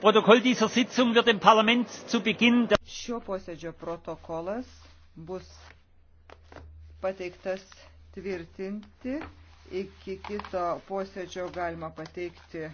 Šio posėdžio protokolas bus pateiktas tvirtinti. Iki kito posėdžio galima pateikti